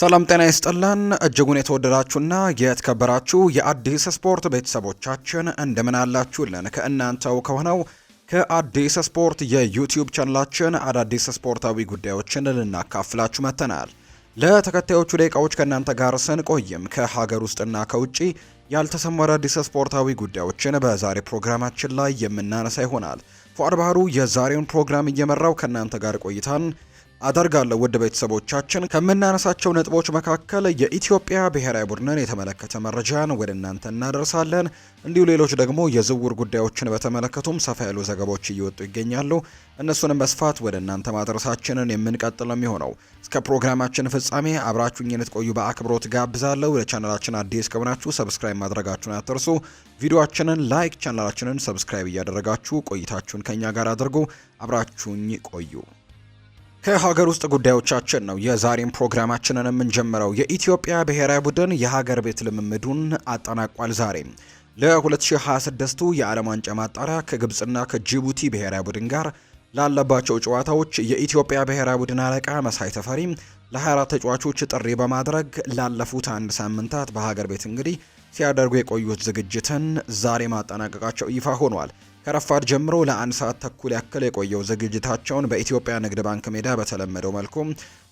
ሰላም ጤና ይስጥልን እጅጉን የተወደዳችሁና የተከበራችሁ የአዲስ ስፖርት ቤተሰቦቻችን እንደምን አላችሁልን? ከእናንተው ከሆነው ከአዲስ ስፖርት የዩቲዩብ ቻናላችን አዳዲስ ስፖርታዊ ጉዳዮችን ልናካፍላችሁ መጥተናል። ለተከታዮቹ ደቂቃዎች ከእናንተ ጋር ስንቆይም ከሀገር ውስጥና ከውጭ ያልተሰሙ አዲስ ስፖርታዊ ጉዳዮችን በዛሬ ፕሮግራማችን ላይ የምናነሳ ይሆናል። ፏድ ባህሩ የዛሬውን ፕሮግራም እየመራው ከእናንተ ጋር ቆይታን አደርጋለሁ ውድ ቤተሰቦቻችን። ከምናነሳቸው ነጥቦች መካከል የኢትዮጵያ ብሔራዊ ቡድንን የተመለከተ መረጃን ወደ እናንተ እናደርሳለን። እንዲሁ ሌሎች ደግሞ የዝውውር ጉዳዮችን በተመለከቱም ሰፋ ያሉ ዘገባዎች እየወጡ ይገኛሉ። እነሱንም በስፋት ወደ እናንተ ማድረሳችንን የምንቀጥል የሚሆነው እስከ ፕሮግራማችን ፍጻሜ አብራችሁኝ እንድትቆዩ በአክብሮት ጋብዛለሁ። ለቻናላችን አዲስ ከሆናችሁ ሰብስክራይብ ማድረጋችሁን አትርሱ። ቪዲዮችንን ላይክ፣ ቻናላችንን ሰብስክራይብ እያደረጋችሁ ቆይታችሁን ከኛ ጋር አድርጉ። አብራችሁኝ ቆዩ። ከሀገር ውስጥ ጉዳዮቻችን ነው የዛሬም ፕሮግራማችንን የምንጀምረው። የኢትዮጵያ ብሔራዊ ቡድን የሀገር ቤት ልምምዱን አጠናቋል። ዛሬ ለ2026ቱ የዓለም ዋንጫ ማጣሪያ ከግብፅና ከጅቡቲ ብሔራዊ ቡድን ጋር ላለባቸው ጨዋታዎች የኢትዮጵያ ብሔራዊ ቡድን አለቃ መሳይ ተፈሪ ለ24 ተጫዋቾች ጥሪ በማድረግ ላለፉት አንድ ሳምንታት በሀገር ቤት እንግዲህ ሲያደርጉ የቆዩት ዝግጅትን ዛሬ ማጠናቀቃቸው ይፋ ሆኗል። ከረፋድ ጀምሮ ለአንድ ሰዓት ተኩል ያክል የቆየው ዝግጅታቸውን በኢትዮጵያ ንግድ ባንክ ሜዳ በተለመደው መልኩ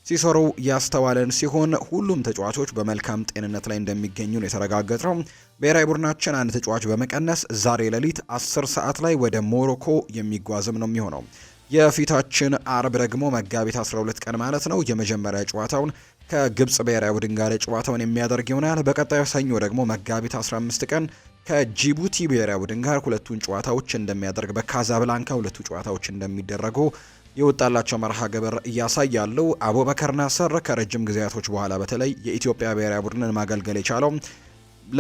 ሲሰሩ ያስተዋለን ሲሆን ሁሉም ተጫዋቾች በመልካም ጤንነት ላይ እንደሚገኙ ነው የተረጋገጠው። ብሔራዊ ቡድናችን አንድ ተጫዋች በመቀነስ ዛሬ ሌሊት 10 ሰዓት ላይ ወደ ሞሮኮ የሚጓዝም ነው የሚሆነው። የፊታችን አርብ ደግሞ መጋቢት 12 ቀን ማለት ነው የመጀመሪያ ጨዋታውን ከግብጽ ብሔራዊ ቡድን ጋር ጨዋታውን የሚያደርግ ይሆናል። በቀጣዩ ሰኞ ደግሞ መጋቢት 15 ቀን ከጂቡቲ ብሔራዊ ቡድን ጋር ሁለቱን ጨዋታዎች እንደሚያደርግ በካዛብላንካ ሁለቱ ጨዋታዎች እንደሚደረጉ የወጣላቸው መርሃ ግብር እያሳያሉ። አቡበከር ናስር ከረጅም ጊዜያቶች በኋላ በተለይ የኢትዮጵያ ብሔራዊ ቡድንን ማገልገል የቻለው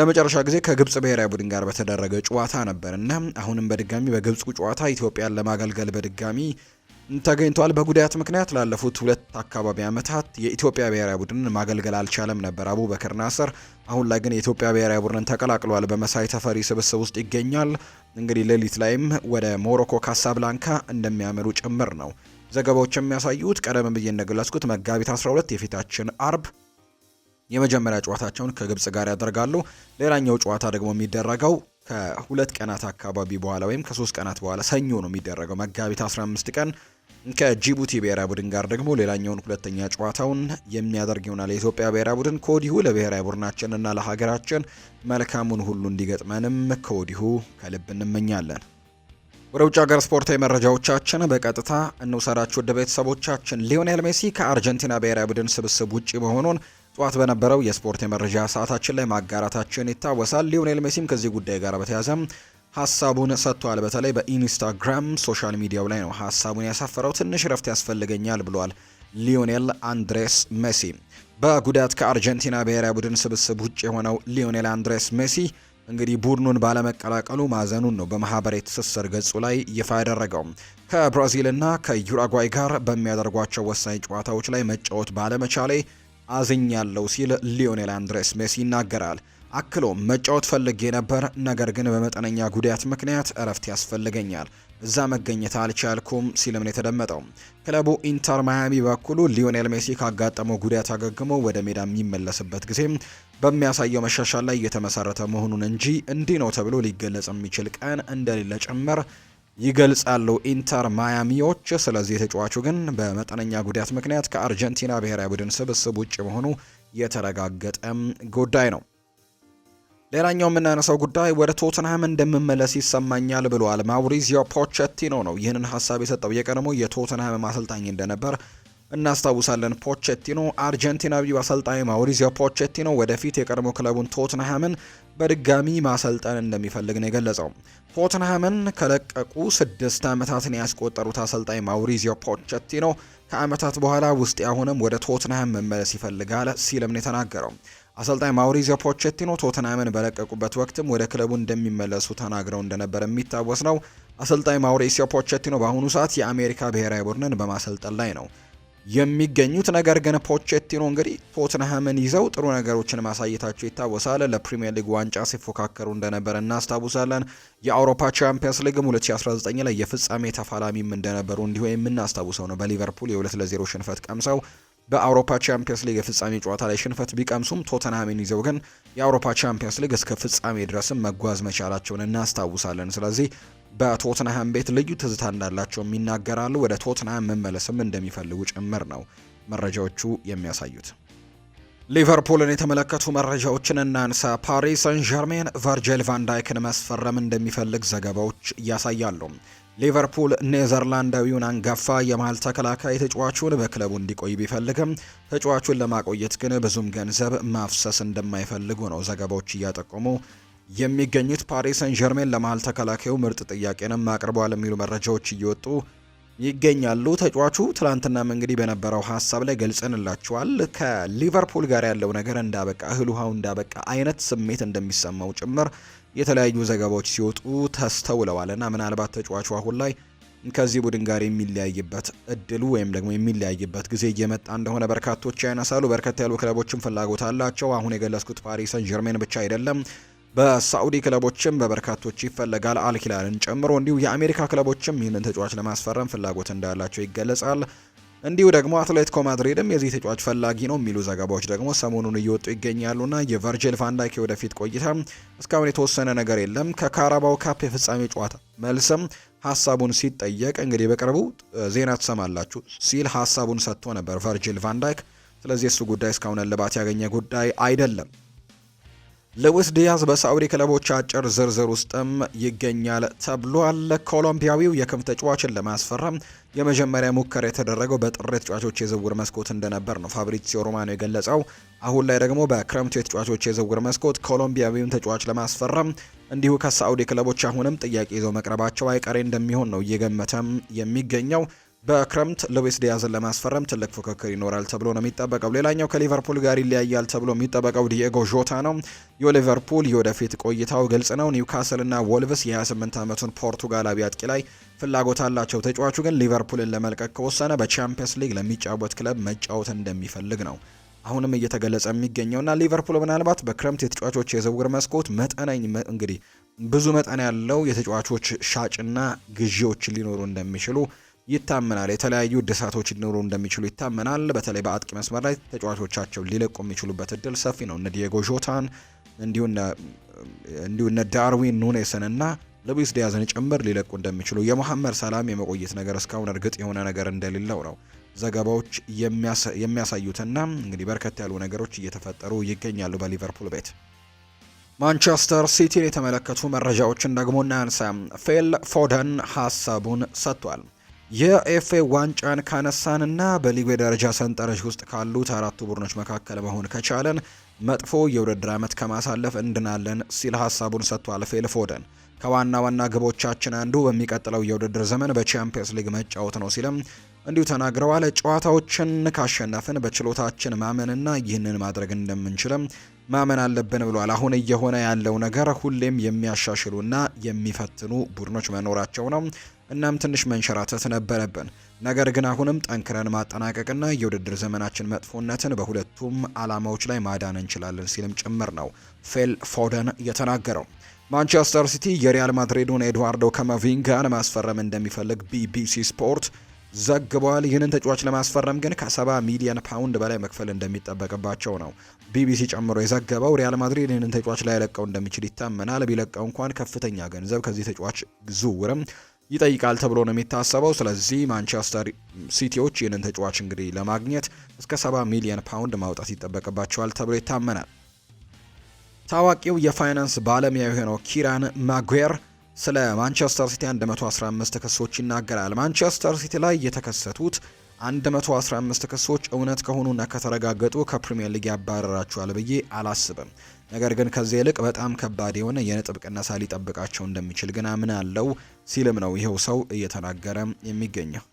ለመጨረሻ ጊዜ ከግብጽ ብሔራዊ ቡድን ጋር በተደረገ ጨዋታ ነበር እና አሁንም በድጋሚ በግብፁ ጨዋታ ኢትዮጵያን ለማገልገል በድጋሚ ተገኝቷል። በጉዳት ምክንያት ላለፉት ሁለት አካባቢ ዓመታት የኢትዮጵያ ብሔራዊ ቡድንን ማገልገል አልቻለም ነበር አቡበከር ናስር። አሁን ላይ ግን የኢትዮጵያ ብሔራዊ ቡድንን ተቀላቅሏል። በመሳይ ተፈሪ ስብስብ ውስጥ ይገኛል። እንግዲህ ሌሊት ላይም ወደ ሞሮኮ ካሳብላንካ እንደሚያመሩ ጭምር ነው ዘገባዎች የሚያሳዩት። ቀደም ብዬ እንደገለጽኩት መጋቢት 12 የፊታችን አርብ የመጀመሪያ ጨዋታቸውን ከግብጽ ጋር ያደርጋሉ። ሌላኛው ጨዋታ ደግሞ የሚደረገው ከሁለት ቀናት አካባቢ በኋላ ወይም ከሶስት ቀናት በኋላ ሰኞ ነው የሚደረገው መጋቢት 15 ቀን ከጅቡቲ ብሔራዊ ቡድን ጋር ደግሞ ሌላኛውን ሁለተኛ ጨዋታውን የሚያደርግ ይሆናል። የኢትዮጵያ ብሔራዊ ቡድን ከወዲሁ ለብሔራዊ ቡድናችንና ለሀገራችን መልካሙን ሁሉ እንዲገጥመንም ከወዲሁ ከልብ እንመኛለን። ወደ ውጭ ሀገር ስፖርታዊ መረጃዎቻችን በቀጥታ እንውሰዳችሁ ወደ ቤተሰቦቻችን። ሊዮኔል ሜሲ ከአርጀንቲና ብሔራዊ ቡድን ስብስብ ውጪ መሆኑን ጠዋት በነበረው የስፖርት የመረጃ ሰዓታችን ላይ ማጋራታችን ይታወሳል። ሊዮኔል ሜሲም ከዚህ ጉዳይ ጋር በተያያዘ ሀሳቡን ሰጥቷል። በተለይ በኢንስታግራም ሶሻል ሚዲያው ላይ ነው ሀሳቡን ያሳፈረው። ትንሽ ረፍት ያስፈልገኛል ብሏል ሊዮኔል አንድሬስ ሜሲ። በጉዳት ከአርጀንቲና ብሔራዊ ቡድን ስብስብ ውጭ የሆነው ሊዮኔል አንድሬስ ሜሲ እንግዲህ ቡድኑን ባለመቀላቀሉ ማዘኑን ነው በማህበራዊ ትስስር ገጹ ላይ ይፋ ያደረገው። ከብራዚልና ከዩራጓይ ጋር በሚያደርጓቸው ወሳኝ ጨዋታዎች ላይ መጫወት ባለመቻሌ አዝኛለሁ ሲል ሊዮኔል አንድሬስ ሜሲ ይናገራል። አክሎ መጫወት ፈልጌ ነበር፣ ነገር ግን በመጠነኛ ጉዳት ምክንያት እረፍት ያስፈልገኛል፣ እዛ መገኘት አልቻልኩም ሲልም ነው የተደመጠው። ክለቡ ኢንተር ማያሚ በኩሉ ሊዮኔል ሜሲ ካጋጠመው ጉዳት አገግሞ ወደ ሜዳ የሚመለስበት ጊዜ በሚያሳየው መሻሻል ላይ እየተመሰረተ መሆኑን እንጂ እንዲህ ነው ተብሎ ሊገለጽ የሚችል ቀን እንደሌለ ጭምር ይገልጻሉ ኢንተር ማያሚዎች። ስለዚህ ተጫዋቹ ግን በመጠነኛ ጉዳት ምክንያት ከአርጀንቲና ብሔራዊ ቡድን ስብስብ ውጭ መሆኑ የተረጋገጠ ጉዳይ ነው። ሌላኛው የምናነሳው ጉዳይ ወደ ቶትንሃም እንደምመለስ ይሰማኛል ብሏል። ማውሪዚዮ ፖቼቲኖ ነው ይህንን ሀሳብ የሰጠው። የቀድሞ የቶትንሃም አሰልጣኝ እንደነበር እናስታውሳለን። ፖቼቲኖ አርጀንቲናዊው አሰልጣኝ ማውሪዚዮ ፖቼቲኖ ወደፊት የቀድሞ ክለቡን ቶትንሃምን በድጋሚ ማሰልጠን እንደሚፈልግ ነው የገለጸው። ቶትንሃምን ከለቀቁ ስድስት ዓመታትን ያስቆጠሩት አሰልጣኝ ማውሪዚዮ ፖቼቲኖ ከዓመታት በኋላ ውስጥ አሁንም ወደ ቶትንሃም መመለስ ይፈልጋል ሲልም ነው የተናገረው። አሰልጣኝ ማውሪዚዮ ፖቼቲኖ ቶተናምን በለቀቁበት ወቅትም ወደ ክለቡ እንደሚመለሱ ተናግረው እንደነበር የሚታወስ ነው። አሰልጣኝ ማውሪሲዮ ፖቼቲኖ በአሁኑ ሰዓት የአሜሪካ ብሔራዊ ቡድንን በማሰልጠን ላይ ነው የሚገኙት። ነገር ግን ፖቼቲኖ እንግዲህ ቶትንሃምን ይዘው ጥሩ ነገሮችን ማሳየታቸው ይታወሳል። ለፕሪምየር ሊግ ዋንጫ ሲፎካከሩ እንደነበር እናስታውሳለን። የአውሮፓ ቻምፒየንስ ሊግም 2019 ላይ የፍጻሜ ተፋላሚም እንደነበሩ እንዲሁ የምናስታውሰው ነው። በሊቨርፑል የ2 ለ0 ሽንፈት ቀምሰው በአውሮፓ ቻምፒየንስ ሊግ የፍጻሜ ጨዋታ ላይ ሽንፈት ቢቀምሱም ቶተንሃምን ይዘው ግን የአውሮፓ ቻምፒየንስ ሊግ እስከ ፍጻሜ ድረስም መጓዝ መቻላቸውን እናስታውሳለን። ስለዚህ በቶትንሃም ቤት ልዩ ትዝታ እንዳላቸውም ይናገራሉ። ወደ ቶትንሃም መመለስም እንደሚፈልጉ ጭምር ነው መረጃዎቹ የሚያሳዩት። ሊቨርፑልን የተመለከቱ መረጃዎችን እናንሳ። ፓሪስ ሰን ዠርሜን ቨርጀል ቫንዳይክን መስፈረም እንደሚፈልግ ዘገባዎች ያሳያሉ። ሊቨርፑል ኔዘርላንዳዊውን አንጋፋ የመሀል ተከላካይ ተጫዋቹን በክለቡ እንዲቆይ ቢፈልግም ተጫዋቹን ለማቆየት ግን ብዙም ገንዘብ ማፍሰስ እንደማይፈልጉ ነው ዘገባዎች እያጠቆሙ የሚገኙት። ፓሪስ ሰን ጀርሜን ለመሀል ተከላካዩ ምርጥ ጥያቄንም አቅርበዋል የሚሉ መረጃዎች እየወጡ ይገኛሉ። ተጫዋቹ ትላንትናም እንግዲህ በነበረው ሀሳብ ላይ ገልጸንላችኋል። ከሊቨርፑል ጋር ያለው ነገር እንዳበቃ እህል ውሃው እንዳበቃ አይነት ስሜት እንደሚሰማው ጭምር የተለያዩ ዘገባዎች ሲወጡ ተስተውለዋል እና ምናልባት ተጫዋቹ አሁን ላይ ከዚህ ቡድን ጋር የሚለያይበት እድሉ ወይም ደግሞ የሚለያይበት ጊዜ እየመጣ እንደሆነ በርካቶች ያነሳሉ። በርከት ያሉ ክለቦችም ፍላጎት አላቸው። አሁን የገለጽኩት ፓሪስ ሰን ጀርሜን ብቻ አይደለም። በሳዑዲ ክለቦችም በበርካቶች ይፈለጋል፣ አልኪላልን ጨምሮ። እንዲሁ የአሜሪካ ክለቦችም ይህንን ተጫዋች ለማስፈረም ፍላጎት እንዳላቸው ይገለጻል። እንዲሁ ደግሞ አትሌቲኮ ማድሪድም የዚህ ተጫዋች ፈላጊ ነው የሚሉ ዘገባዎች ደግሞ ሰሞኑን እየወጡ ይገኛሉና የቨርጅል ቫንዳይክ የወደፊት ቆይታ እስካሁን የተወሰነ ነገር የለም። ከካራባው ካፕ የፍጻሜ ጨዋታ መልስም ሀሳቡን ሲጠየቅ እንግዲህ በቅርቡ ዜና ትሰማላችሁ ሲል ሀሳቡን ሰጥቶ ነበር ቨርጅል ቫንዳይክ። ስለዚህ እሱ ጉዳይ እስካሁን እልባት ያገኘ ጉዳይ አይደለም። ሉዊስ ዲያዝ በሳዑዲ ክለቦች አጭር ዝርዝር ውስጥም ይገኛል ተብሏል። ኮሎምቢያዊው የክንፍ ተጫዋችን ለማስፈረም የመጀመሪያ ሙከራ የተደረገው በጥር የተጫዋቾች የዝውውር መስኮት እንደነበር ነው ፋብሪዚዮ ሮማኖ የገለጸው። አሁን ላይ ደግሞ በክረምቱ የተጫዋቾች የዝውውር መስኮት ኮሎምቢያዊውን ተጫዋች ለማስፈረም እንዲሁ ከሳዑዲ ክለቦች አሁንም ጥያቄ ይዘው መቅረባቸው አይቀሬ እንደሚሆን ነው እየገመተም የሚገኘው። በክረምት ሉዊስ ዲያዝን ለማስፈረም ትልቅ ፉክክር ይኖራል ተብሎ ነው የሚጠበቀው። ሌላኛው ከሊቨርፑል ጋር ይለያያል ተብሎ የሚጠበቀው ዲኤጎ ዦታ ነው። የሊቨርፑል የወደፊት ቆይታው ግልጽ ነው። ኒውካስልና ወልቭስ የ28 ዓመቱን ፖርቱጋላዊ አጥቂ ላይ ፍላጎት አላቸው። ተጫዋቹ ግን ሊቨርፑልን ለመልቀቅ ከወሰነ በቻምፒየንስ ሊግ ለሚጫወት ክለብ መጫወት እንደሚፈልግ ነው አሁንም እየተገለጸ የሚገኘውና ሊቨርፑል ምናልባት በክረምት የተጫዋቾች የዝውውር መስኮት መጠነኝ እንግዲህ ብዙ መጠን ያለው የተጫዋቾች ሻጭና ግዢዎች ሊኖሩ እንደሚችሉ ይታመናል። የተለያዩ እድሳቶች ሊኖሩ እንደሚችሉ ይታመናል። በተለይ በአጥቂ መስመር ላይ ተጫዋቾቻቸው ሊለቁ የሚችሉበት እድል ሰፊ ነው። እነ ዲየጎ ዦታን እንዲሁ እነ ዳርዊን ኑኔስን እና ሉዊስ ዲያዝን ጭምር ሊለቁ እንደሚችሉ የመሐመድ ሰላም የመቆየት ነገር እስካሁን እርግጥ የሆነ ነገር እንደሌለው ነው ዘገባዎች የሚያሳዩትና እንግዲህ በርከት ያሉ ነገሮች እየተፈጠሩ ይገኛሉ በሊቨርፑል ቤት። ማንቸስተር ሲቲን የተመለከቱ መረጃዎችን ደግሞ እናንሳ። ፌል ፎደን ሀሳቡን ሰጥቷል። የኤፍኤ ዋንጫን ካነሳንና በሊጉ የደረጃ ሰንጠረዥ ውስጥ ካሉት አራቱ ቡድኖች መካከል መሆን ከቻለን መጥፎ የውድድር ዓመት ከማሳለፍ እንድናለን ሲል ሀሳቡን ሰጥቷል ፊል ፎደን። ከዋና ዋና ግቦቻችን አንዱ በሚቀጥለው የውድድር ዘመን በቻምፒየንስ ሊግ መጫወት ነው ሲልም እንዲሁ ተናግረዋል። ጨዋታዎችን ካሸነፍን በችሎታችን ማመንና ይህንን ማድረግ እንደምንችልም ማመን አለብን ብሏል። አሁን እየሆነ ያለው ነገር ሁሌም የሚያሻሽሉና የሚፈትኑ ቡድኖች መኖራቸው ነው። እናም ትንሽ መንሸራተት ነበረብን። ነገር ግን አሁንም ጠንክረን ማጠናቀቅና የውድድር ዘመናችን መጥፎነትን በሁለቱም ዓላማዎች ላይ ማዳን እንችላለን ሲልም ጭምር ነው ፌል ፎደን የተናገረው። ማንቸስተር ሲቲ የሪያል ማድሪዱን ኤድዋርዶ ካማቪንጋን ማስፈረም እንደሚፈልግ ቢቢሲ ስፖርት ዘግቧል። ይህንን ተጫዋች ለማስፈረም ግን ከ70 ሚሊዮን ፓውንድ በላይ መክፈል እንደሚጠበቅባቸው ነው ቢቢሲ ጨምሮ የዘገበው። ሪያል ማድሪድ ይህንን ተጫዋች ላይ እንደሚችል ይታመናል። ቢለቀው እንኳን ከፍተኛ ገንዘብ ከዚህ ተጫዋች ዝውውርም ይጠይቃል ተብሎ ነው የሚታሰበው። ስለዚህ ማንቸስተር ሲቲዎች ይህንን ተጫዋች እንግዲህ ለማግኘት እስከ 70 ሚሊዮን ፓውንድ ማውጣት ይጠበቅባቸዋል ተብሎ ይታመናል። ታዋቂው የፋይናንስ ባለሙያ የሆነው ኪራን ማጉዌር ስለ ማንቸስተር ሲቲ 115 ክሶች ይናገራል። ማንቸስተር ሲቲ ላይ የተከሰቱት 115 ክሶች እውነት ከሆኑና ከተረጋገጡ ከፕሪምየር ሊግ ያባረራቸዋል ብዬ አላስብም። ነገር ግን ከዚህ ይልቅ በጣም ከባድ የሆነ የነጥብ ቅነሳ ሊጠብቃቸው እንደሚችል ግን አምናለው ሲልም ነው ይኸው ሰው እየተናገረ የሚገኘው።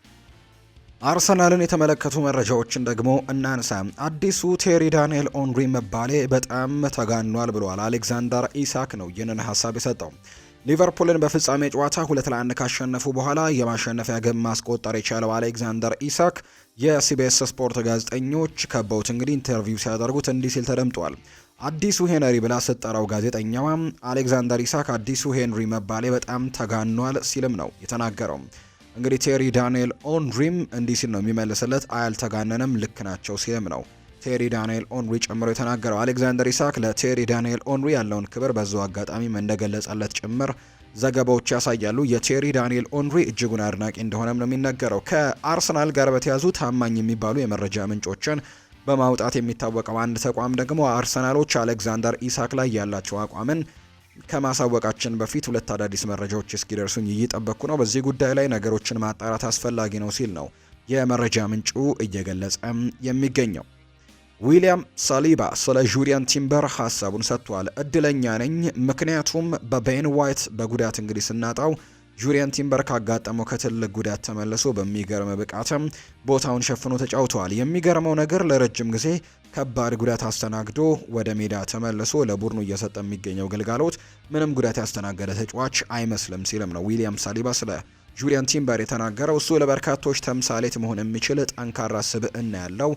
አርሰናልን የተመለከቱ መረጃዎችን ደግሞ እናንሳ። አዲሱ ቴሪ ዳንኤል ኦንሪ መባሌ በጣም ተጋኗል ብለዋል። አሌክዛንደር ኢሳክ ነው ይህንን ሀሳብ የሰጠው። ሊቨርፑልን በፍጻሜ ጨዋታ ሁለት ለአንድ ካሸነፉ በኋላ የማሸነፊያ ግብ ማስቆጠር የቻለው አሌክዛንደር ኢሳክ የሲቢኤስ ስፖርት ጋዜጠኞች ከበውት እንግዲህ ኢንተርቪው ሲያደርጉት እንዲህ ሲል ተደምጧል። አዲሱ ሄንሪ ብላ ስትጠራው ጋዜጠኛዋ አሌክዛንደር ኢሳክ አዲሱ ሄንሪ መባሌ በጣም ተጋኗል ሲልም ነው የተናገረው። እንግዲህ ቴሪ ዳንኤል ኦንሪም እንዲህ ሲል ነው የሚመልስለት፣ አያልተጋነንም ልክ ናቸው ሲልም ነው ቴሪ ዳንኤል ኦንሪ ጨምሮ የተናገረው። አሌክዛንደር ኢሳክ ለቴሪ ዳንኤል ኦንሪ ያለውን ክብር በዛው አጋጣሚም እንደገለጸለት ጭምር ዘገባዎች ያሳያሉ። የቴሪ ዳንኤል ኦንሪ እጅጉን አድናቂ እንደሆነም ነው የሚነገረው። ከአርሰናል ጋር በተያዙ ታማኝ የሚባሉ የመረጃ ምንጮችን በማውጣት የሚታወቀው አንድ ተቋም ደግሞ አርሰናሎች አሌክዛንደር ኢሳክ ላይ ያላቸው አቋምን ከማሳወቃችን በፊት ሁለት አዳዲስ መረጃዎች እስኪደርሱኝ እየጠበቅኩ ነው፣ በዚህ ጉዳይ ላይ ነገሮችን ማጣራት አስፈላጊ ነው ሲል ነው የመረጃ ምንጩ እየገለጸም የሚገኘው። ዊሊያም ሳሊባ ስለ ጁሪያን ቲምበር ሀሳቡን ሰጥቷል። እድለኛ ነኝ፣ ምክንያቱም በቤን ዋይት በጉዳት እንግዲህ ስናጣው ጁሪያን ቲምበር ካጋጠመው ከትልቅ ጉዳት ተመልሶ በሚገርም ብቃትም ቦታውን ሸፍኖ ተጫውተዋል። የሚገርመው ነገር ለረጅም ጊዜ ከባድ ጉዳት አስተናግዶ ወደ ሜዳ ተመልሶ ለቡድኑ እየሰጠ የሚገኘው ግልጋሎት ምንም ጉዳት ያስተናገደ ተጫዋች አይመስልም ሲልም ነው ዊሊያም ሳሊባ ስለ ጁሪያን ቲምበር የተናገረው። እሱ ለበርካቶች ተምሳሌት መሆን የሚችል ጠንካራ ስብዕና ያለው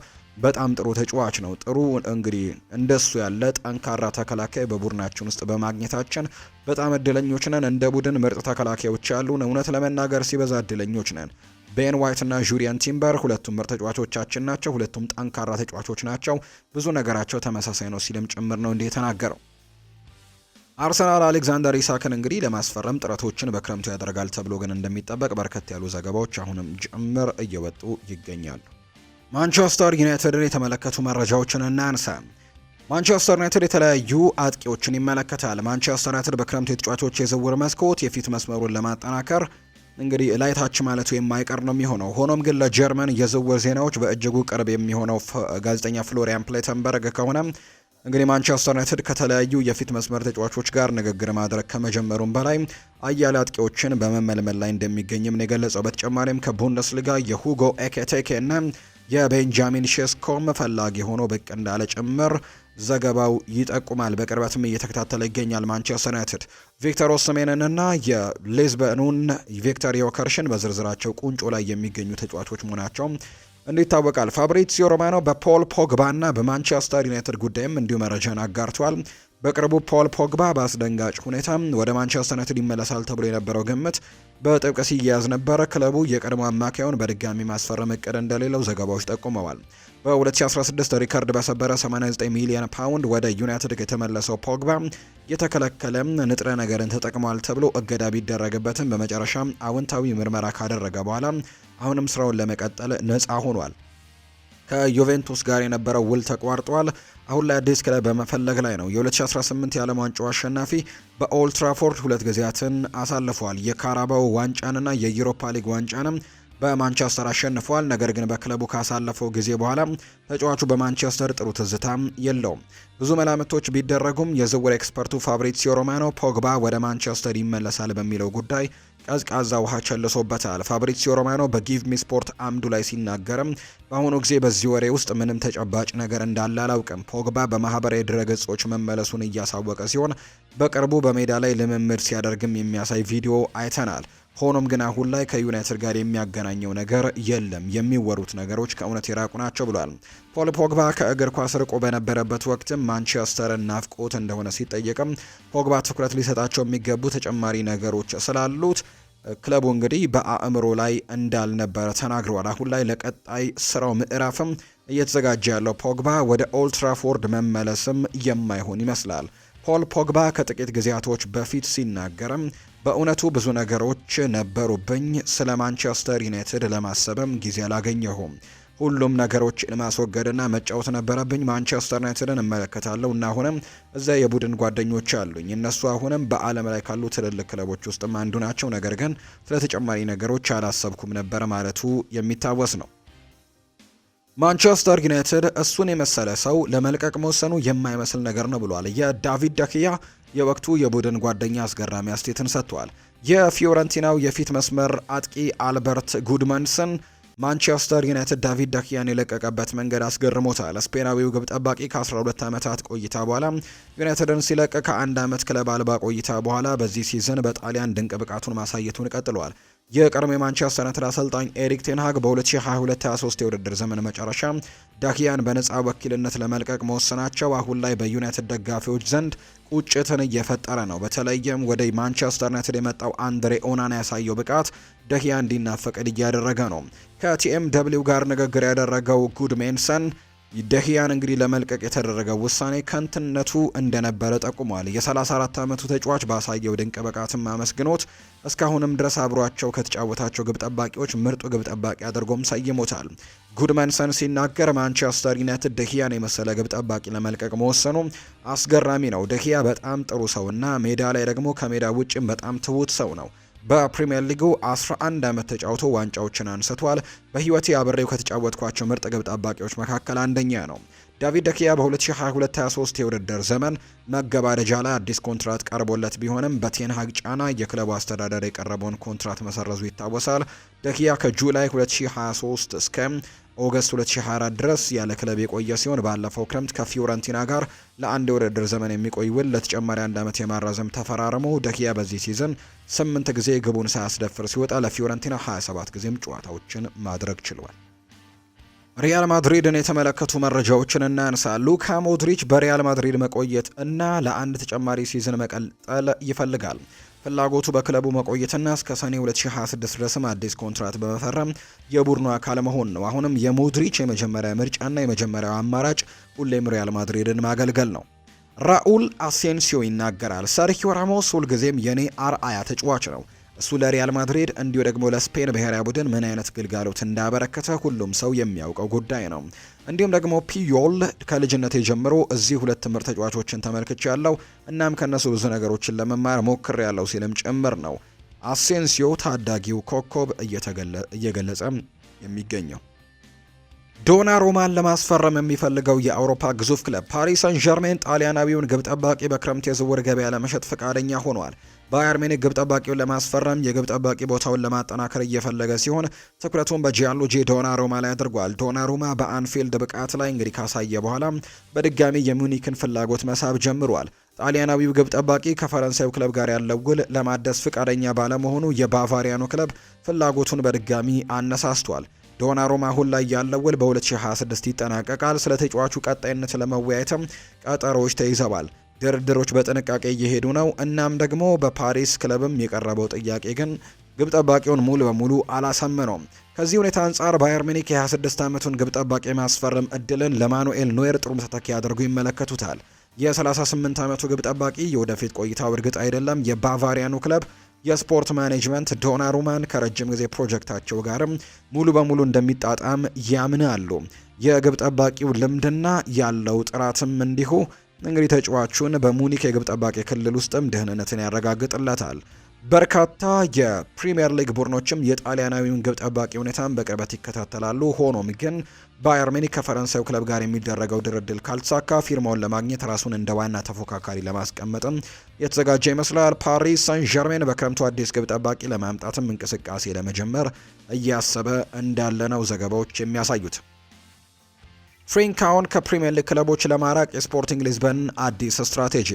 በጣም ጥሩ ተጫዋች ነው። ጥሩ እንግዲህ እንደሱ ያለ ጠንካራ ተከላካይ በቡድናችን ውስጥ በማግኘታችን በጣም እድለኞች ነን። እንደ ቡድን ምርጥ ተከላካዮች ያሉን፣ እውነት ለመናገር ሲበዛ እድለኞች ነን። ቤን ዋይት እና ጁሪያን ቲምበር ሁለቱም ምርጥ ተጫዋቾቻችን ናቸው። ሁለቱም ጠንካራ ተጫዋቾች ናቸው። ብዙ ነገራቸው ተመሳሳይ ነው ሲልም ጭምር ነው እንዲህ የተናገረው። አርሰናል አሌክዛንደር ኢሳክን እንግዲህ ለማስፈረም ጥረቶችን በክረምቱ ያደርጋል ተብሎ ግን እንደሚጠበቅ በርከት ያሉ ዘገባዎች አሁንም ጭምር እየወጡ ይገኛሉ። ማንቸስተር ዩናይትድን የተመለከቱ መረጃዎችን እናንሳ። ማንቸስተር ዩናይትድ የተለያዩ አጥቂዎችን ይመለከታል። ማንቸስተር ዩናይትድ በክረምቱ የተጫዋቾች የዝውውር መስኮት የፊት መስመሩን ለማጠናከር እንግዲህ ላይታች ማለቱ የማይቀር ነው የሚሆነው። ሆኖም ግን ለጀርመን የዝውውር ዜናዎች በእጅጉ ቅርብ የሚሆነው ጋዜጠኛ ፍሎሪያን ፕሌተንበርግ ከሆነ እንግዲህ ማንቸስተር ዩናይትድ ከተለያዩ የፊት መስመር ተጫዋቾች ጋር ንግግር ማድረግ ከመጀመሩም በላይ አያሌ አጥቂዎችን በመመልመል ላይ እንደሚገኝም ነው የገለጸው። በተጨማሪም ከቡንደስሊጋ የሁጎ ኤኬቴኬ እና የቤንጃሚን ሼስኮም ፈላጊ ሆኖ ብቅ እንዳለ ጭምር ዘገባው ይጠቁማል። በቅርበትም እየተከታተለ ይገኛል ማንቸስተር ዩናይትድ ቪክተር ኦስሜንንና የሊዝበኑን ቪክተር ዮከርሽን በዝርዝራቸው ቁንጮ ላይ የሚገኙ ተጫዋቾች መሆናቸው እንዲታወቃል። ፋብሪዚዮ ሮማኖ በፖል ፖግባና በማንቸስተር ዩናይትድ ጉዳይም እንዲሁ መረጃን አጋርቷል። በቅርቡ ፖል ፖግባ በአስደንጋጭ ሁኔታ ወደ ማንቸስተር ዩናይትድ ይመለሳል ተብሎ የነበረው ግምት በጥብቅ ሲያያዝ ነበረ። ክለቡ የቀድሞ አማካዩን በድጋሚ ማስፈረም እቅድ እንደሌለው ዘገባዎች ጠቁመዋል። በ2016 ሪከርድ በሰበረ 89 ሚሊዮን ፓውንድ ወደ ዩናይትድ የተመለሰው ፖግባ የተከለከለ ንጥረ ነገርን ተጠቅሟል ተብሎ እገዳ ቢደረግበትም በመጨረሻ አውንታዊ ምርመራ ካደረገ በኋላ አሁንም ስራውን ለመቀጠል ነፃ ሆኗል። ከዩቬንቱስ ጋር የነበረው ውል ተቋርጧል። አሁን ላይ አዲስ ክለብ በመፈለግ ላይ ነው። የ2018 የዓለም ዋንጫው አሸናፊ በኦልትራፎርድ ሁለት ጊዜያትን አሳልፏል። የካራባው ዋንጫንና የዩሮፓ ሊግ ዋንጫንም በማንቸስተር አሸንፏል። ነገር ግን በክለቡ ካሳለፈው ጊዜ በኋላ ተጫዋቹ በማንቸስተር ጥሩ ትዝታ የለውም። ብዙ መላምቶች ቢደረጉም የዝውውር ኤክስፐርቱ ፋብሪዚዮ ሮማኖ ፖግባ ወደ ማንቸስተር ይመለሳል በሚለው ጉዳይ ቀዝቃዛ ውሃ ቸልሶበታል። ፋብሪሲዮ ሮማኖ በጊቭ ሚ ስፖርት አምዱ ላይ ሲናገርም በአሁኑ ጊዜ በዚህ ወሬ ውስጥ ምንም ተጨባጭ ነገር እንዳለ አላውቅም። ፖግባ በማህበራዊ ድረገጾች መመለሱን እያሳወቀ ሲሆን በቅርቡ በሜዳ ላይ ልምምድ ሲያደርግም የሚያሳይ ቪዲዮ አይተናል። ሆኖም ግን አሁን ላይ ከዩናይትድ ጋር የሚያገናኘው ነገር የለም። የሚወሩት ነገሮች ከእውነት የራቁ ናቸው ብሏል። ፖል ፖግባ ከእግር ኳስ ርቆ በነበረበት ወቅትም ማንቸስተርን ናፍቆት እንደሆነ ሲጠየቅም ፖግባ ትኩረት ሊሰጣቸው የሚገቡ ተጨማሪ ነገሮች ስላሉት ክለቡ እንግዲህ በአእምሮ ላይ እንዳልነበረ ተናግረዋል። አሁን ላይ ለቀጣይ ስራው ምዕራፍም እየተዘጋጀ ያለው ፖግባ ወደ ኦልትራፎርድ መመለስም የማይሆን ይመስላል። ፖል ፖግባ ከጥቂት ጊዜያቶች በፊት ሲናገርም በእውነቱ ብዙ ነገሮች ነበሩብኝ፣ ስለ ማንቸስተር ዩናይትድ ለማሰብም ጊዜ አላገኘሁም ሁሉም ነገሮችን ማስወገድና መጫወት ነበረብኝ። ማንቸስተር ዩናይትድን እመለከታለሁ እና አሁንም እዚያ የቡድን ጓደኞች አሉኝ። እነሱ አሁንም በዓለም ላይ ካሉ ትልልቅ ክለቦች ውስጥም አንዱ ናቸው። ነገር ግን ስለ ተጨማሪ ነገሮች አላሰብኩም ነበር ማለቱ የሚታወስ ነው። ማንቸስተር ዩናይትድ እሱን የመሰለ ሰው ለመልቀቅ መወሰኑ የማይመስል ነገር ነው ብሏል። የዳቪድ ደክያ የወቅቱ የቡድን ጓደኛ አስገራሚ አስቴትን ሰጥቷል። የፊዮረንቲናው የፊት መስመር አጥቂ አልበርት ጉድመንስን ማንቸስተር ዩናይትድ ዳቪድ ዳኪያን የለቀቀበት መንገድ አስገርሞታል። ስፔናዊው ግብ ጠባቂ ከ12 ዓመታት ቆይታ በኋላ ዩናይትድን ሲለቅ ከአንድ ዓመት ክለብ አልባ ቆይታ በኋላ በዚህ ሲዝን በጣሊያን ድንቅ ብቃቱን ማሳየቱን ቀጥሏል። የቀድሞ የማንቸስተር ዩናይትድ አሰልጣኝ ኤሪክ ቴንሃግ በ2022/23 የውድድር ዘመን መጨረሻ ዳኪያን በነፃ ወኪልነት ለመልቀቅ መወሰናቸው አሁን ላይ በዩናይትድ ደጋፊዎች ዘንድ ቁጭትን እየፈጠረ ነው። በተለይም ወደ ማንቸስተር ዩናይትድ የመጣው አንድሬ ኦናና ያሳየው ብቃት ደኪያ እንዲናፈቅድ እያደረገ ነው። ከቲኤም ጋር ንግግር ያደረገው ጉድሜንሰን ደህያን እንግዲህ ለመልቀቅ የተደረገው ውሳኔ ከንትነቱ እንደነበረ ጠቁሟል። የ34 ዓመቱ ተጫዋች ባሳየው ድንቅ ብቃትም አመስግኖት እስካሁንም ድረስ አብሯቸው ከተጫወታቸው ግብ ጠባቂዎች ምርጡ ግብ ጠባቂ አድርጎም ሰይሞታል። ጉድመንሰን ሲናገር ማንቸስተር ዩናይትድ ደህያን የመሰለ ግብ ጠባቂ ለመልቀቅ መወሰኑ አስገራሚ ነው። ደህያ በጣም ጥሩ ሰው እና ሜዳ ላይ ደግሞ ከሜዳ ውጭም በጣም ትውት ሰው ነው። በፕሪምየር ሊጉ 11 ዓመት ተጫውቶ ዋንጫዎችን አንስቷል። በህይወቴ አብሬው ከተጫወትኳቸው ምርጥ ግብ ጠባቂዎች መካከል አንደኛ ነው። ዳቪድ ደኪያ በ2022/23 የውድድር ዘመን መገባደጃ ላይ አዲስ ኮንትራት ቀርቦለት ቢሆንም በቴንሃግ ጫና የክለቡ አስተዳደር የቀረበውን ኮንትራት መሰረዙ ይታወሳል። ደኪያ ከጁላይ 2023 እስከ ኦገስት 2024 ድረስ ያለ ክለብ የቆየ ሲሆን ባለፈው ክረምት ከፊዮረንቲና ጋር ለአንድ የውድድር ዘመን የሚቆይ ውል ለተጨማሪ አንድ ዓመት የማራዘም ተፈራርሞ ደኪያ በዚህ ሲዝን ስምንት ጊዜ ግቡን ሳያስደፍር ሲወጣ ለፊዮረንቲና 27 ጊዜም ጨዋታዎችን ማድረግ ችሏል። ሪያል ማድሪድን የተመለከቱ መረጃዎችን እናንሳ። ሉካ ሞድሪች በሪያል ማድሪድ መቆየት እና ለአንድ ተጨማሪ ሲዝን መቀጠል ይፈልጋል። ፍላጎቱ በክለቡ መቆየትና እስከ ሰኔ 2026 ድረስም አዲስ ኮንትራት በመፈረም የቡድኑ አካል መሆን ነው። አሁንም የሞድሪች የመጀመሪያ ምርጫና የመጀመሪያው አማራጭ ሁሌም ሪያል ማድሪድን ማገልገል ነው። ራኡል አሴንሲዮ ይናገራል። ሰርኪዮ ራሞስ ሁልጊዜም የኔ አርአያ ተጫዋች ነው። እሱ ለሪያል ማድሪድ እንዲሁ ደግሞ ለስፔን ብሔራዊ ቡድን ምን አይነት ግልጋሎት እንዳበረከተ ሁሉም ሰው የሚያውቀው ጉዳይ ነው። እንዲሁም ደግሞ ፒዮል ከልጅነት ጀምሮ እዚህ ሁለት ትምህርት ተጫዋቾችን ተመልክቼ ያለው እናም ከነሱ ብዙ ነገሮችን ለመማር ሞክር ያለው ሲልም ጭምር ነው አሴንሲዮ ታዳጊው ኮከብ እየገለጸ የሚገኘው። ዶና ሮማን ለማስፈረም የሚፈልገው የአውሮፓ ግዙፍ ክለብ ፓሪስ ሰን ዠርሜን ጣሊያናዊውን ግብ ጠባቂ በክረምት የዝውውር ገበያ ለመሸጥ ፈቃደኛ ሆኗል። ባየር ሚኒክ ግብ ጠባቂውን ለማስፈረም የግብ ጠባቂ ቦታውን ለማጠናከር እየፈለገ ሲሆን ትኩረቱን በጂያንሉጂ ዶና ሮማ ላይ አድርጓል። ዶና ሮማ በአንፊልድ ብቃት ላይ እንግዲህ ካሳየ በኋላ በድጋሚ የሚኒክን ፍላጎት መሳብ ጀምሯል። ጣሊያናዊው ግብ ጠባቂ ከፈረንሳዩ ክለብ ጋር ያለው ውል ለማደስ ፍቃደኛ ባለመሆኑ የባቫሪያኑ ክለብ ፍላጎቱን በድጋሚ አነሳስቷል። ዶናሩማ አሁን ላይ ያለው ውል በ2026 ይጠናቀቃል። ስለ ተጫዋቹ ቀጣይነት ለመወያየትም ቀጠሮዎች ተይዘዋል። ድርድሮች በጥንቃቄ እየሄዱ ነው። እናም ደግሞ በፓሪስ ክለብም የቀረበው ጥያቄ ግን ግብ ጠባቂውን ሙሉ በሙሉ አላሳመነውም። ከዚህ ሁኔታ አንጻር ባየር ሚኒክ የ26 ዓመቱን ግብ ጠባቂ ማስፈረም እድልን ለማኑኤል ኖየር ጥሩም ተተኪ አድርጎ ይመለከቱታል። የ38 ዓመቱ ግብ ጠባቂ የወደፊት ቆይታው እርግጥ አይደለም። የባቫሪያኑ ክለብ የስፖርት ማኔጅመንት ዶናሩማን ከረጅም ጊዜ ፕሮጀክታቸው ጋርም ሙሉ በሙሉ እንደሚጣጣም ያምናሉ። የግብ ጠባቂው ልምድና ያለው ጥራትም እንዲሁ እንግዲህ ተጫዋቹን በሙኒክ የግብ ጠባቂ ክልል ውስጥም ደህንነትን ያረጋግጥለታል። በርካታ የፕሪምየር ሊግ ቡድኖችም የጣሊያናዊውን ግብ ጠባቂ ሁኔታን በቅርበት ይከታተላሉ። ሆኖም ግን ባየር ሚኒክ ከፈረንሳዩ ክለብ ጋር የሚደረገው ድርድር ካልተሳካ ፊርማውን ለማግኘት ራሱን እንደ ዋና ተፎካካሪ ለማስቀመጥም የተዘጋጀ ይመስላል። ፓሪስ ሳን ዠርሜን በክረምቱ አዲስ ግብ ጠባቂ ለማምጣትም እንቅስቃሴ ለመጀመር እያሰበ እንዳለ ነው ዘገባዎች የሚያሳዩት። ፍሪንካውን ከፕሪምየር ሊግ ክለቦች ለማራቅ የስፖርቲንግ ሊዝበን አዲስ ስትራቴጂ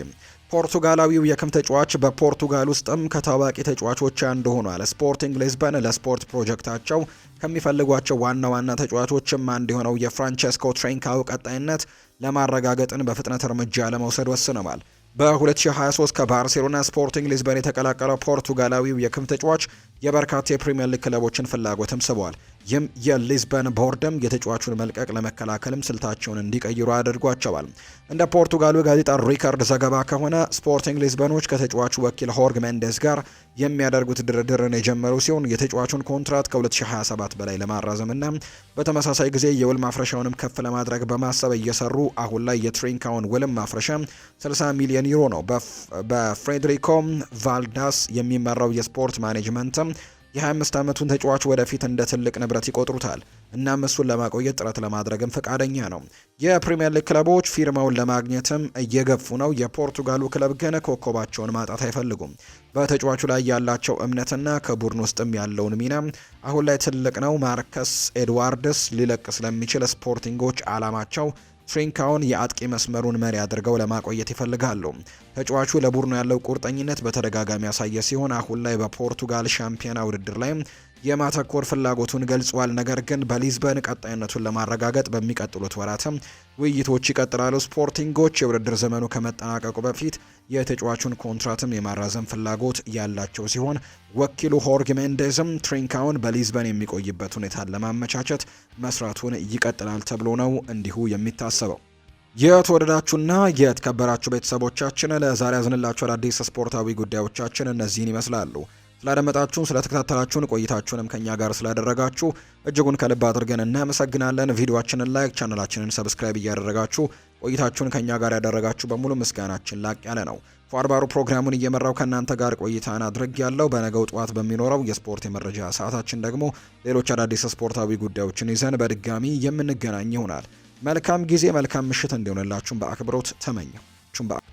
ፖርቱጋላዊው የክም ተጫዋች በፖርቱጋል ውስጥም ከታዋቂ ተጫዋቾች አንዱ ሆኗል። ስፖርቲንግ ሊዝበን ለስፖርት ፕሮጀክታቸው ከሚፈልጓቸው ዋና ዋና ተጫዋቾችም አንድ የሆነው የፍራንቸስኮ ትሬንካው ቀጣይነት ለማረጋገጥን በፍጥነት እርምጃ ለመውሰድ ወስነዋል። በ2023 ከባርሴሎና ስፖርቲንግ ሊዝበን የተቀላቀለው ፖርቱጋላዊው የክም ተጫዋች የበርካታ የፕሪምየር ሊግ ክለቦችን ፍላጎትም ስቧል። ይህም የሊዝበን ቦርደም የተጫዋቹን መልቀቅ ለመከላከልም ስልታቸውን እንዲቀይሩ አድርጓቸዋል። እንደ ፖርቱጋሉ ጋዜጣ ሪካርድ ዘገባ ከሆነ ስፖርቲንግ ሊዝበኖች ከተጫዋቹ ወኪል ሆርግ መንደስ ጋር የሚያደርጉት ድርድርን የጀመሩ ሲሆን የተጫዋቹን ኮንትራት ከ2027 በላይ ለማራዘምና በተመሳሳይ ጊዜ የውል ማፍረሻውንም ከፍ ለማድረግ በማሰብ እየሰሩ አሁን ላይ የትሪንካውን ውልም ማፍረሻ 60 ሚሊዮን ዩሮ ነው። በፍሬድሪኮ ቫልዳስ የሚመራው የስፖርት ማኔጅመንትም የ25 ዓመቱን ተጫዋች ወደፊት እንደ ትልቅ ንብረት ይቆጥሩታል። እናም እሱን ለማቆየት ጥረት ለማድረግም ፈቃደኛ ነው። የፕሪምየር ሊግ ክለቦች ፊርማውን ለማግኘትም እየገፉ ነው። የፖርቱጋሉ ክለብ ግን ኮከባቸውን ማጣት አይፈልጉም። በተጫዋቹ ላይ ያላቸው እምነትና ከቡድን ውስጥም ያለውን ሚና አሁን ላይ ትልቅ ነው። ማርከስ ኤድዋርድስ ሊለቅ ስለሚችል ስፖርቲንጎች አላማቸው ትሪንካውን የአጥቂ መስመሩን መሪ አድርገው ለማቆየት ይፈልጋሉ። ተጫዋቹ ለቡድኑ ያለው ቁርጠኝነት በተደጋጋሚ ያሳየ ሲሆን አሁን ላይ በፖርቱጋል ሻምፒዮና ውድድር ላይ የማተኮር ፍላጎቱን ገልጿል። ነገር ግን በሊዝበን ቀጣይነቱን ለማረጋገጥ በሚቀጥሉት ወራትም ውይይቶች ይቀጥላሉ። ስፖርቲንጎች የውድድር ዘመኑ ከመጠናቀቁ በፊት የተጫዋቹን ኮንትራትም የማራዘም ፍላጎት ያላቸው ሲሆን ወኪሉ ሆርግ ሜንዴዝም ትሪንካውን በሊዝበን የሚቆይበት ሁኔታን ለማመቻቸት መስራቱን ይቀጥላል ተብሎ ነው እንዲሁ የሚታሰበው። የተወደዳችሁና የተከበራችሁ ቤተሰቦቻችን ለዛሬ ያዝንላችሁ አዳዲስ ስፖርታዊ ጉዳዮቻችን እነዚህን ይመስላሉ። ስላደመጣችሁን፣ ስለተከታተላችሁን ቆይታችሁንም ከኛ ጋር ስላደረጋችሁ እጅጉን ከልብ አድርገን እናመሰግናለን። ቪዲዮችንን ላይክ፣ ቻናላችንን ሰብስክራይብ እያደረጋችሁ ቆይታችሁን ከኛ ጋር ያደረጋችሁ በሙሉ ምስጋናችን ላቅ ያለ ነው። ፏርባሩ ፕሮግራሙን እየመራው ከእናንተ ጋር ቆይታን አድርግ ያለው። በነገው ጠዋት በሚኖረው የስፖርት የመረጃ ሰዓታችን ደግሞ ሌሎች አዳዲስ ስፖርታዊ ጉዳዮችን ይዘን በድጋሚ የምንገናኝ ይሆናል። መልካም ጊዜ፣ መልካም ምሽት እንዲሆንላችሁም በአክብሮት ተመኘሁ።